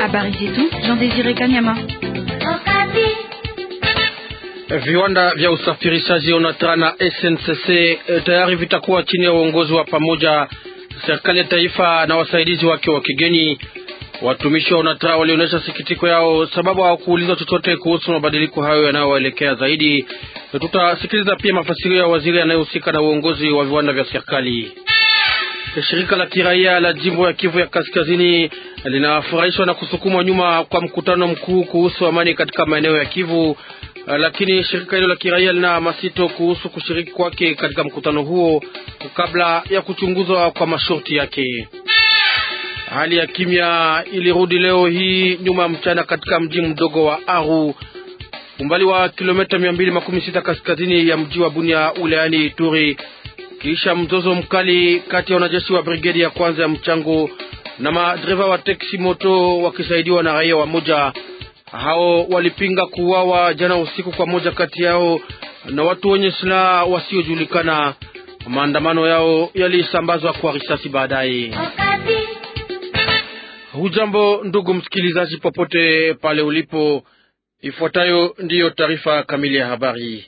Habari zetu Jean Désiré Kanyama. Viwanda vya usafirishaji Onatra na SNCC eh, tayari vitakuwa chini ya uongozi wa pamoja serikali ya taifa na wasaidizi wake wa kigeni. Watumishi wa Onatra walionyesha sikitiko yao sababu hawakuulizwa chochote kuhusu mabadiliko hayo yanayoelekea zaidi. Tutasikiliza pia mafasirio ya waziri anayehusika na uongozi wa viwanda vya serikali. Shirika la kiraia la jimbo ya Kivu ya Kaskazini linafurahishwa na kusukumwa nyuma kwa mkutano mkuu kuhusu amani katika maeneo ya Kivu, eh, lakini shirika hilo la kiraia lina masito kuhusu kushiriki kwake katika mkutano huo kabla ya kuchunguzwa kwa masharti yake. Hali ya kimya ilirudi leo hii nyuma ya mchana katika mji mdogo wa Aru umbali wa kilomita 216 kaskazini ya mji wa Bunia wilayani Ituri, kisha mzozo mkali kati ya wanajeshi wa brigedi ya kwanza ya mchango na madereva wa teksi moto wakisaidiwa na raia moja Hao walipinga kuuawa jana usiku kwa moja kati yao na watu wenye silaha wasiojulikana. Maandamano yao yalisambazwa kwa risasi baadaye. Hujambo ndugu msikilizaji, popote pale ulipo, ifuatayo ndiyo taarifa kamili ya habari.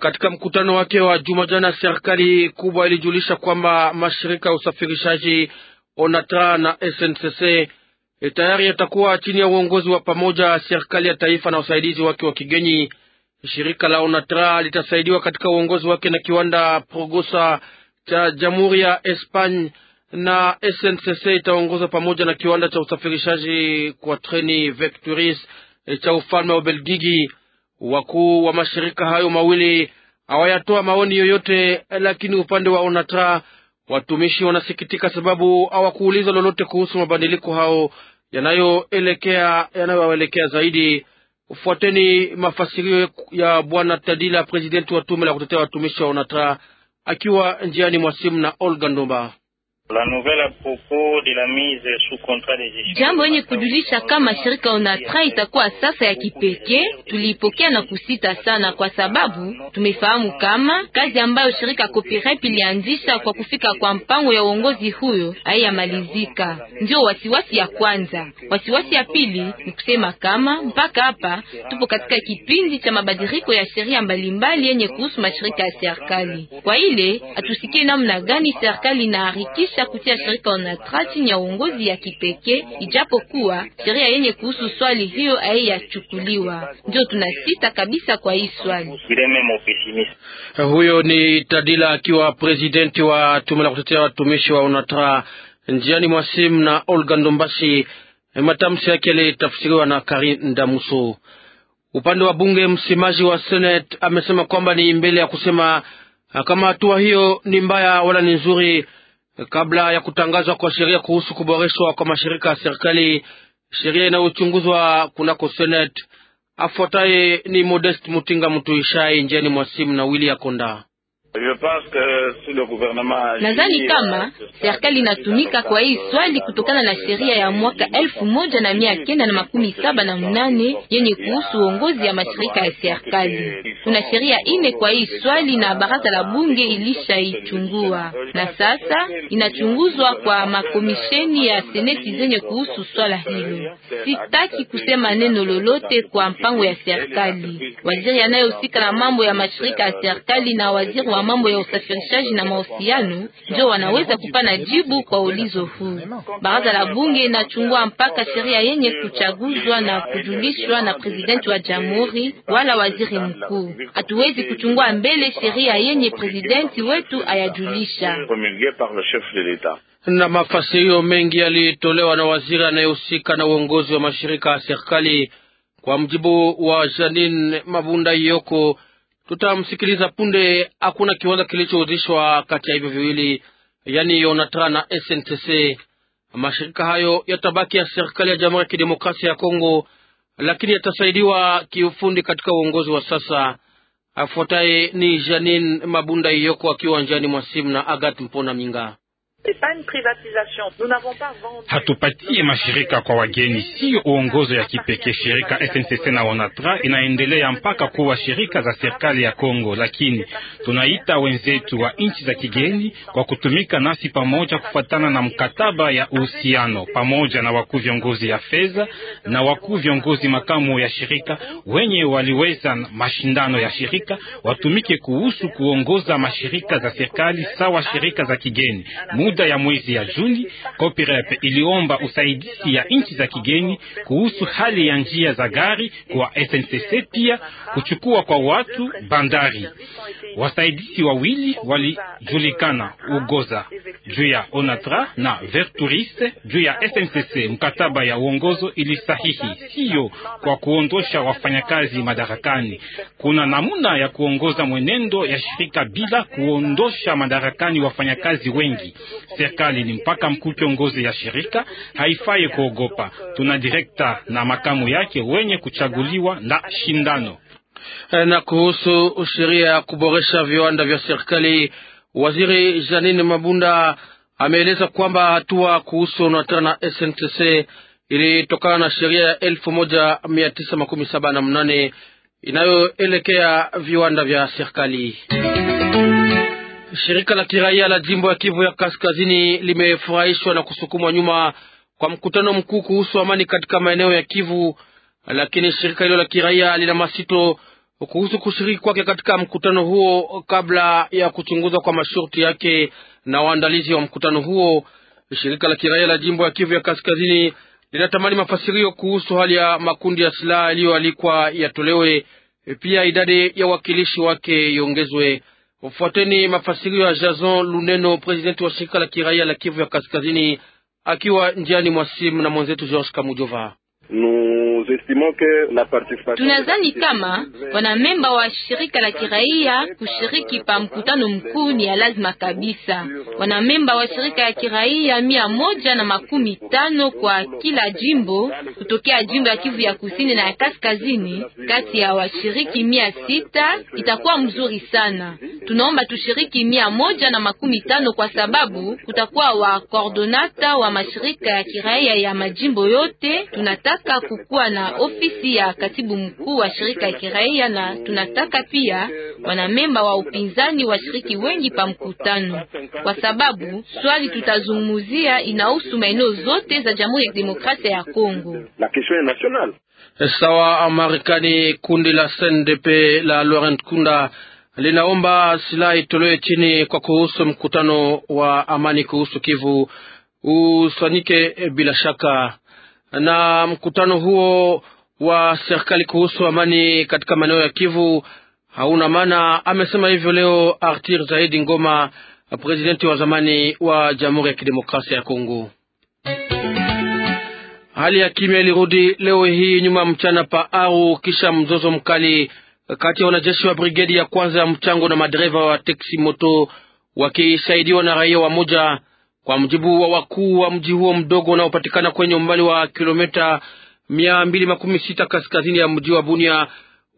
Katika mkutano wake wa juma jana, serikali kubwa ilijulisha kwamba mashirika ya usafirishaji ONATRA na SNCC eh, tayari yatakuwa chini ya uongozi wa pamoja serikali ya taifa na usaidizi wake wa kigeni. Shirika la ONATRA litasaidiwa katika uongozi wake na kiwanda Progosa cha Jamhuri ya Espagne na SNCC itaongozwa pamoja na kiwanda cha usafirishaji kwa treni Vecturis eh, cha ufalme wa Belgiji. Wakuu wa mashirika hayo mawili hawayatoa maoni yoyote, eh, lakini upande wa ONATRA Watumishi wanasikitika sababu hawakuuliza lolote kuhusu mabadiliko hao yanayoelekea yanayowaelekea zaidi. Fuateni mafasirio ya bwana Tadila, presidenti wa tume la kutetea watumishi wa Onatra, akiwa njiani mwa simu na Olga Ndomba. Jambo yenye kujulisha kama shirika Onatra itakuwa sasa ya kipekee. Tulipokea na kusita sana, kwa sababu tumefahamu kama kazi ambayo shirika Copyrep ilianzisha kwa kufika kwa mpango ya uongozi huyo haiyamalizika. Ndio wasiwasi ya kwanza. Wasiwasi ya pili ni kusema kama mpaka hapa tupo katika kipindi cha mabadiliko ya sheria mbalimbali yenye kuhusu mashirika ya serikali. Kwa ile hatusikie namna gani serikali inaharakisha kabisa kutia shirika Onatra chini ya uongozi ya kipekee, ijapokuwa sheria yenye kuhusu swali hiyo haiyachukuliwa. Ndio tunasita kabisa kwa hii swali. Huyo ni Tadila akiwa presidenti wa tume la kutetea watumishi wa Onatra njiani mwa simu na Olga Ndombasi. Eh, matamshi yake yalitafsiriwa na Karin Damuso. Upande wa bunge, msemaji wa Senate amesema kwamba ni mbele ya kusema ah, kama hatua hiyo ni mbaya wala ni nzuri kabla ya kutangazwa kwa sheria kuhusu kuboreshwa kwa mashirika ya serikali, sheria inayochunguzwa kunako Senate. Afuataye ni Modest Mutinga Mtuishai, njeni mwasimu na Willy Akonda. Nadhani euh, kama serikali inatumika kwa hii swali kutokana na sheria ya mwaka elfu moja na mia kenda na makumi saba na mnane yenye kuhusu uongozi ya mashirika ya serikali. Kuna sheria ine kwa hii swali na baraza la bunge ilishaichungua na sasa inachunguzwa kwa makomisheni ya seneti zenye kuhusu swala hilo. Sitaki kusema neno lolote kwa mpango ya serikali, waziri anayehusika na mambo ya mashirika ya serikali na waziri wa mambo ya usafirishaji na mahusiano ndio wanaweza kupana jibu kwa ulizo huu. Baraza la bunge inachungua mpaka sheria yenye kuchaguzwa na kujulishwa na presidenti wa jamhuri wala waziri mkuu. Hatuwezi kuchungua mbele sheria yenye presidenti wetu ayajulisha na mafasirio mengi yaliyotolewa na waziri anayehusika na uongozi wa mashirika ya serikali. Kwa mjibu wa Janine Mabunda Iyoko, Tutamsikiliza punde. Hakuna kiwanda kilichouzishwa kati ya hivyo viwili, yaani Yonatra na SNTC. Mashirika hayo yatabaki ya serikali ya Jamhuri ya Kidemokrasia ya Kongo, lakini yatasaidiwa kiufundi katika uongozi wa sasa. Afuataye ni Janin Mabunda Iyoko akiwa njiani mwa simu na Agat Mpona Minga hatupatie mashirika kwa wageni, sio uongozo ya kipekee. Shirika SNCC na Onatra inaendelea mpaka kuwa shirika za serikali ya Kongo, lakini tunaita wenzetu wa nchi za kigeni kwa kutumika nasi pamoja kufuatana na mkataba ya uhusiano pamoja na wakuu viongozi ya fedha na wakuu viongozi makamu ya shirika wenye waliweza mashindano ya shirika watumike kuhusu kuongoza mashirika za serikali sawa shirika za kigeni Muda muda ya mwezi ya Juni, COPREP iliomba usaidizi ya nchi za kigeni kuhusu hali ya njia za gari kwa SNCC, pia kuchukua kwa watu bandari. Wasaidizi wawili walijulikana Ugoza juu ya Onatra na Verturiste juu ya SNCC. Mkataba ya uongozo ilisahihi sio kwa kuondosha wafanyakazi madarakani, kuna namuna ya kuongoza mwenendo ya shirika bila kuondosha madarakani wafanyakazi wengi. Serikali ni mpaka mkuu kiongozi ya shirika haifaye kuogopa. Tuna direkta na makamu yake wenye kuchaguliwa na shindano. Eh, na kuhusu sheria ya kuboresha viwanda vya serikali, waziri Janine Mabunda ameeleza kwamba hatua kuhusu natra na SNTC ilitokana na sheria ya elfu moja mia tisa makumi saba na mnane inayoelekea viwanda vya serikali. Shirika la kiraia la jimbo ya Kivu ya Kaskazini limefurahishwa na kusukumwa nyuma kwa mkutano mkuu kuhusu amani katika maeneo ya Kivu, lakini shirika hilo la kiraia lina masito kuhusu kushiriki kwake katika mkutano huo kabla ya kuchunguzwa kwa masharti yake na waandalizi wa mkutano huo. Shirika la kiraia la jimbo ya Kivu ya Kaskazini linatamani mafasirio kuhusu hali ya makundi ya silaha yaliyoalikwa yatolewe, pia idadi ya wakilishi wake iongezwe. Ufuateni mafasirio ya Jason Luneno, presidenti wa shirika la kiraia la Kivu ya Kaskazini, akiwa njiani mwa simu na mwenzetu George Kamujova. Nous tunazani kama wanamemba wa shirika la kiraia kushiriki pa mkutano mkuu ni ya lazima kabisa. Wanamemba wa shirika ya kiraia mia moja na makumi tano kwa kila jimbo kutokea jimbo ya Kivu ya kusini na ya kaskazini, kati ya washiriki mia sita itakuwa mzuri sana. Tunaomba tushiriki mia moja na makumi tano kwa sababu kutakuwa wa koordonata wa mashirika ya kiraia ya majimbo yote. Tunataka kukuwa na na ofisi ya katibu mkuu wa shirika ya kiraia, na tunataka pia wanamemba wa upinzani washiriki wengi pa mkutano, kwa sababu swali tutazungumzia inahusu maeneo zote za Jamhuri ya Demokrasia ya Kongo. Sawa Marekani, kundi la SNDP la Laurent Kunda linaomba silaha itolewe chini kwa kuhusu mkutano wa amani kuhusu Kivu usanike bila shaka na mkutano huo wa serikali kuhusu amani katika maeneo ya Kivu hauna maana. Amesema hivyo leo Artir Zaidi Ngoma, presidenti wa zamani wa Jamhuri ya Kidemokrasia ya Kongo. Hali ya kimya ilirudi leo hii nyuma mchana pa Aru kisha mzozo mkali kati ya wanajeshi wa brigedi ya kwanza ya mchango na madereva wa teksi moto wakisaidiwa na raia wa moja kwa mjibu wa wakuu wa mji huo mdogo unaopatikana kwenye umbali wa kilomita mia mbili makumi sita kaskazini ya mji wa Bunia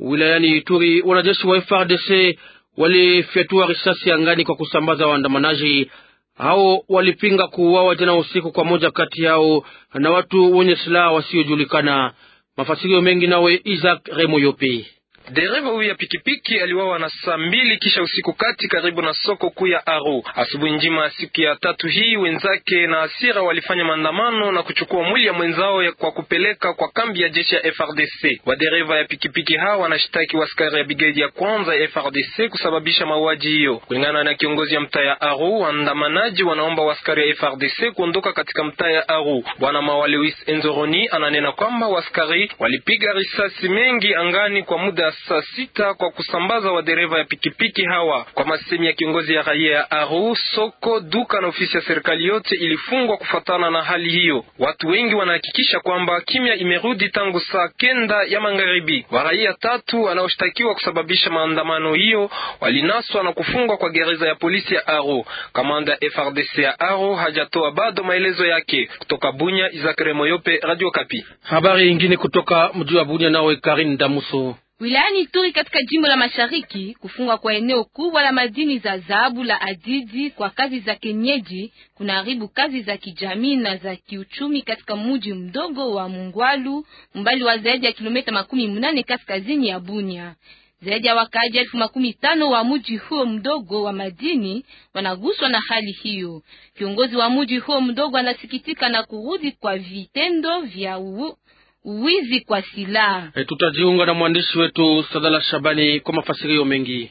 wilayani Ituri, wanajeshi wa FRDC walifyatua risasi angani kwa kusambaza waandamanaji hao. Walipinga kuuawa jana usiku kwa moja kati yao na watu wenye silaha wasiojulikana. Mafasirio mengi nawe Isaac Remoyope. Dereva huyu ya pikipiki aliwawa na saa mbili kisha usiku kati karibu na soko kuu ya Aru. Asubuhi njima ya siku ya tatu hii wenzake na asira walifanya maandamano na kuchukua mwili ya mwenzao ya kwa kupeleka kwa kambi ya jeshi ya FRDC. Wadereva ya pikipiki hawa wanashtaki waskari ya brigade ya kwanza ya FRDC kusababisha mauaji hiyo. Kulingana na kiongozi ya mtaa ya Aru, waandamanaji wanaomba waskari ya FRDC kuondoka katika mtaa ya Aru. Bwana Mawalewis Enzoroni ananena kwamba waskari walipiga risasi mengi angani kwa muda saa sita kwa kusambaza wadereva ya pikipiki hawa. Kwa masemi ya kiongozi ya raia ya Aru, soko, duka na ofisi ya serikali yote ilifungwa kufuatana na hali hiyo. Watu wengi wanahakikisha kwamba kimya imerudi tangu saa kenda ya magharibi. Waraia tatu wanaoshtakiwa kusababisha maandamano hiyo walinaswa na kufungwa kwa gereza ya polisi ya Aru. Kamanda ya FRDC ya Aru hajatoa bado maelezo yake. Kutoka Bunya, Izakare Moyope, Radio Kapi. Habari ingine kutoka mji wa Bunya nawe Karin Damuso. Wilayani Ituri katika jimbo la Mashariki, kufungwa kwa eneo kubwa la madini za dhahabu la Adidi kwa kazi za kienyeji kunaharibu kazi za kijamii na za kiuchumi katika mji mdogo wa Mungwalu, umbali wa zaidi ya kilomita makumi mnane kaskazini ya Bunia. Zaidi ya wakaaji elfu makumi tano wa mji huo mdogo wa madini wanaguswa na hali hiyo. Kiongozi wa mji huo mdogo anasikitika na kurudi kwa vitendo vya u wizi kwa silaha. E, tutajiunga na mwandishi wetu Sadala Shabani kwa mafasirio mengi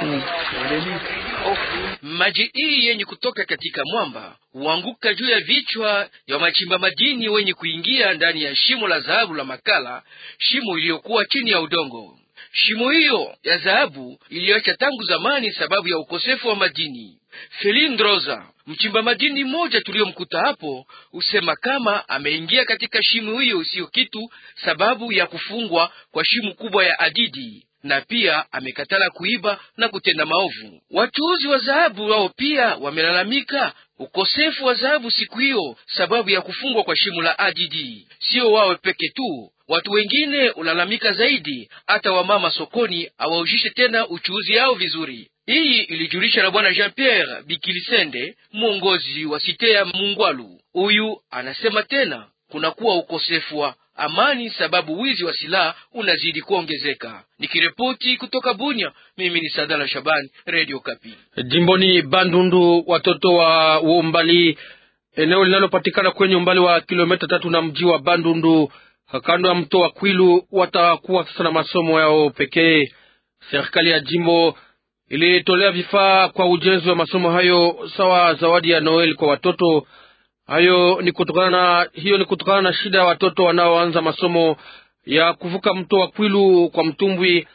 hmm. Maji hii yenye kutoka katika mwamba huanguka juu ya vichwa ya machimba madini wenye kuingia ndani ya shimo la dhahabu la Makala, shimo iliyokuwa chini ya udongo. Shimo hiyo ya dhahabu iliacha tangu zamani sababu ya ukosefu wa madini. Felindroza, mchimba madini mmoja tuliyomkuta hapo, husema kama ameingia katika shimo hiyo isiyo kitu sababu ya kufungwa kwa shimo kubwa ya adidi na pia amekatala kuiba na kutenda maovu. Wachuuzi wa dhahabu wao pia wamelalamika ukosefu wa dhahabu siku hiyo sababu ya kufungwa kwa shimo la Adidi. Sio wawe peke tu, Watu wengine ulalamika zaidi, hata wamama sokoni hawaujishe tena uchuuzi yao vizuri. Hii ilijulisha na bwana Jean Pierre Bikilisende, mwongozi wa Sitea Mungwalu. Huyu anasema tena kunakuwa ukosefu wa amani sababu wizi wa silaha unazidi kuongezeka. Nikiripoti kutoka Bunya, mimi ni Sadala Shabani, Radio Kapi. Jimboni Bandundu, watoto wa umbali eneo linalopatikana kwenye umbali wa kilomita tatu na mji wa Bandundu kando ya mto wa Kwilu watakuwa sasa na masomo yao pekee. Serikali ya jimbo ilitolea vifaa kwa ujenzi wa masomo hayo sawa zawadi ya Noel kwa watoto hayo. Ni kutokana na hiyo ni kutokana na shida ya watoto wanaoanza masomo ya kuvuka mto wa Kwilu kwa mtumbwi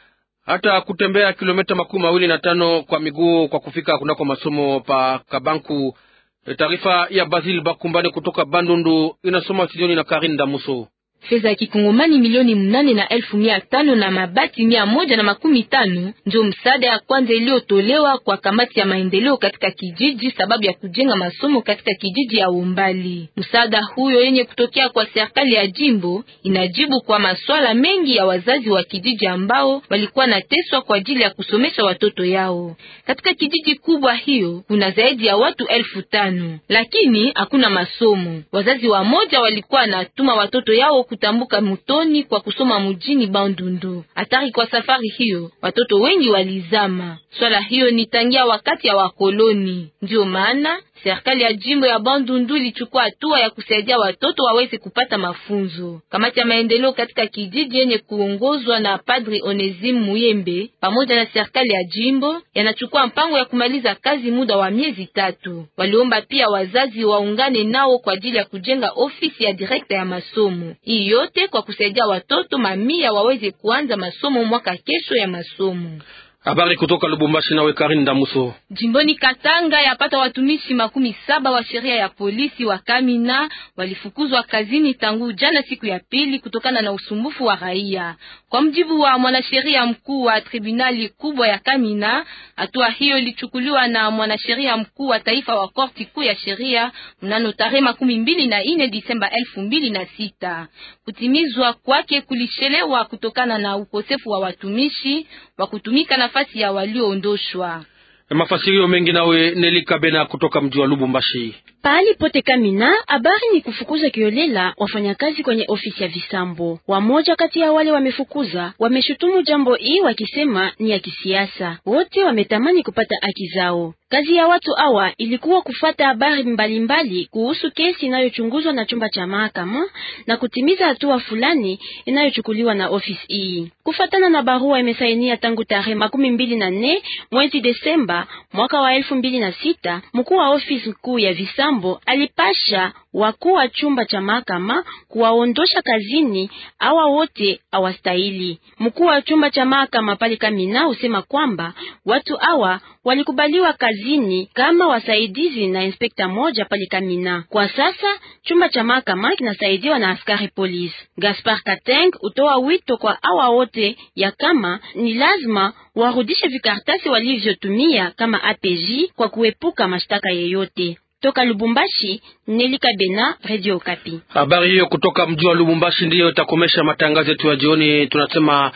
hata kutembea kilomita makumi mawili na tano kwa miguu kwa kufika kunako masomo pa Kabanku. E, taarifa ya Basil Bakumbane kutoka Bandundu inasoma studioni na Karin Damuso fedha ya kikongomani milioni mnane na elfu mia tano na mabati mia moja na makumi tano ndio msaada ya kwanza iliyotolewa kwa kamati ya maendeleo katika kijiji sababu ya kujenga masomo katika kijiji ya Umbali. Msaada huyo yenye kutokea kwa serikali ya jimbo inajibu kwa maswala mengi ya wazazi wa kijiji ambao walikuwa nateswa kwa ajili ya kusomesha watoto yao. Katika kijiji kubwa hiyo kuna zaidi ya watu elfu tano lakini hakuna masomo. Wazazi wa moja walikuwa natuma watoto yao kutambuka mutoni kwa kusoma mujini Bandundu. Hatari kwa safari hiyo, watoto wengi walizama. Swala hiyo ni tangia wakati ya wakoloni, ndio maana Serikali ya jimbo ya Bandundu ilichukua hatua ya kusaidia watoto waweze kupata mafunzo. Kamati ya maendeleo katika kijiji yenye kuongozwa na Padri Onesime Muyembe pamoja na serikali ya jimbo yanachukua mpango ya kumaliza kazi muda wa miezi tatu. Waliomba pia wazazi waungane nao kwa ajili ya kujenga ofisi ya direkta ya masomo. Hii yote kwa kusaidia watoto mamia waweze kuanza masomo mwaka kesho ya masomo. Habari kutoka Lubumbashi nawe Karin Damuso. Jimboni Katanga yapata watumishi makumi saba wa sheria ya polisi wa Kamina walifukuzwa kazini tangu jana siku ya pili kutokana na usumbufu wa raia. Kwa mjibu wa mwanasheria mkuu wa tribunali kubwa ya Kamina, hatua hiyo ilichukuliwa na mwanasheria mkuu wa taifa wa korti kuu ya sheria mnano tarehe makumi mbili na ine Disemba elfu mbili na sita. Kutimizwa kwake kulishelewa kutokana na ukosefu wa watumishi wa kutumika na nafasi ya walioondoshwa. Mafasirio mengi nawe Nelika Bena kutoka mji wa Lubumbashi. Pahali pote Kamina, habari ni kufukuza kiolela wafanyakazi kwenye ofisi ya Visambo. Wamoja kati ya wale wamefukuza wameshutumu jambo hii wakisema ni ya kisiasa. Wote wametamani kupata haki zao. Kazi ya watu hawa ilikuwa kufata habari mbalimbali kuhusu kesi inayochunguzwa na chumba cha mahakama na kutimiza hatua fulani inayochukuliwa na ofisi hii. Kufatana na barua imesainia tangu tarehe makumi mbili na nne mwezi Desemba mwaka wa elfu mbili na sita mkuu wa ofisi kuu ya Visambo Chombo alipasha wakuu wa chumba cha mahakama kuwaondosha kazini, awa wote awastahili. Mkuu wa chumba cha mahakama pale Kamina usema kwamba watu hawa walikubaliwa kazini kama wasaidizi na inspekta moja pale Kamina. Kwa sasa chumba cha mahakama kinasaidiwa na askari polisi. Gaspar Kateng utoa wito kwa awa wote ya kama ni lazima warudishe vikartasi walivyotumia kama APJ kwa kuepuka mashtaka yeyote. Toka Lubumbashi, Neli Kabena, Radio Kapi. Habari hiyo kutoka mji wa Lubumbashi ndiyo itakomesha matangazo yetu ya jioni. Tunasema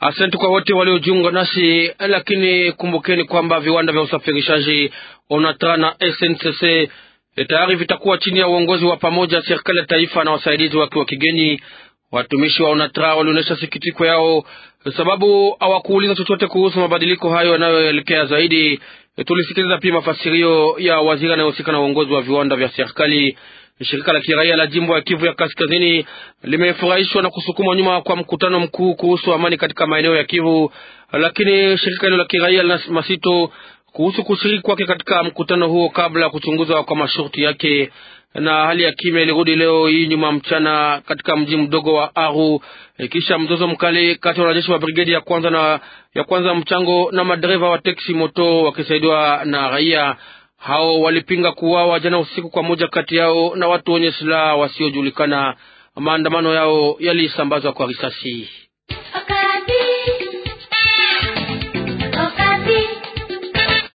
asante kwa wote waliojiunga nasi, lakini kumbukeni kwamba viwanda vya usafirishaji ONATRA na SNCC eh, tayari vitakuwa chini ya uongozi wa pamoja serikali ya taifa na wasaidizi wake wa kigeni. Watumishi wa ONATRA walionyesha sikitiko yao eh, sababu hawakuuliza chochote kuhusu mabadiliko hayo yanayoelekea zaidi E, tulisikiliza pia mafasirio ya waziri anayehusika na uongozi wa viwanda vya serikali. Shirika la kiraia la jimbo ya Kivu ya Kaskazini limefurahishwa na kusukumwa nyuma kwa mkutano mkuu kuhusu amani katika maeneo ya Kivu, lakini shirika hilo la kiraia lina masito kuhusu kushiriki kwake katika mkutano huo kabla ya kuchunguzwa kwa masharti yake na hali ya kimya ilirudi leo hii nyuma mchana katika mji mdogo wa Aru e, kisha mzozo mkali kati ya wanajeshi wa brigedi ya kwanza na ya kwanza mchango na madereva wa teksi moto wakisaidiwa na raia. Hao walipinga kuuawa jana usiku kwa moja kati yao na watu wenye silaha wasiojulikana. Maandamano yao yalisambazwa kwa risasi.